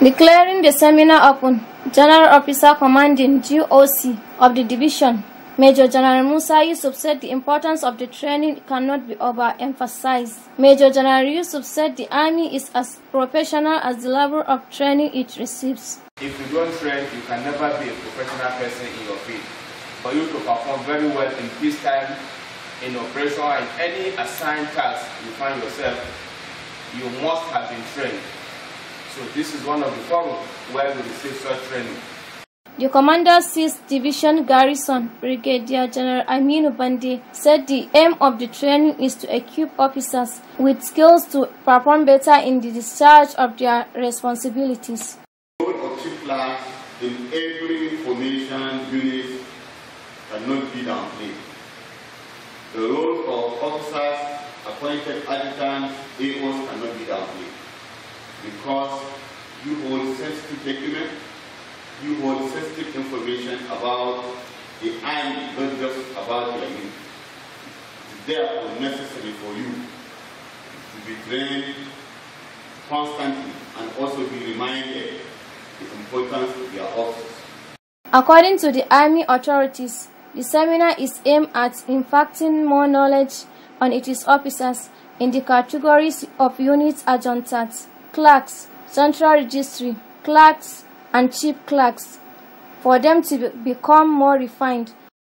Declaring the seminar open, General Officer Commanding GOC of the Division, Major General Musa Yusuf said the importance of the training cannot be overemphasized. Major General Yusuf said the Army is as professional as the level of training it receives. If you don't train, you can never be a professional person in your field. For you to perform very well in peacetime, in operation, in any assigned task you find yourself, you must have been trained. So this is one of the forums where we receive such training. The Commander 6th Division Garrison, Brigadier General Aminu Bande, said the aim of the training is to equip officers with skills to perform better in the discharge of their responsibilities. Role of chief flag in every formation unit cannot be downplayed. The role of officers, appointed adjutants, AOs cannot be downplayed because you hold sensitive document, you hold sensitive information about the army, not just about your youth. It's therefore necessary for you to be trained constantly and also be reminded the importance of your office. According to the army authorities, the seminar is aimed at imparting more knowledge on its officers in the categories of units adjuntants clerks, central registry, clerks, and chief clerks for them to become more refined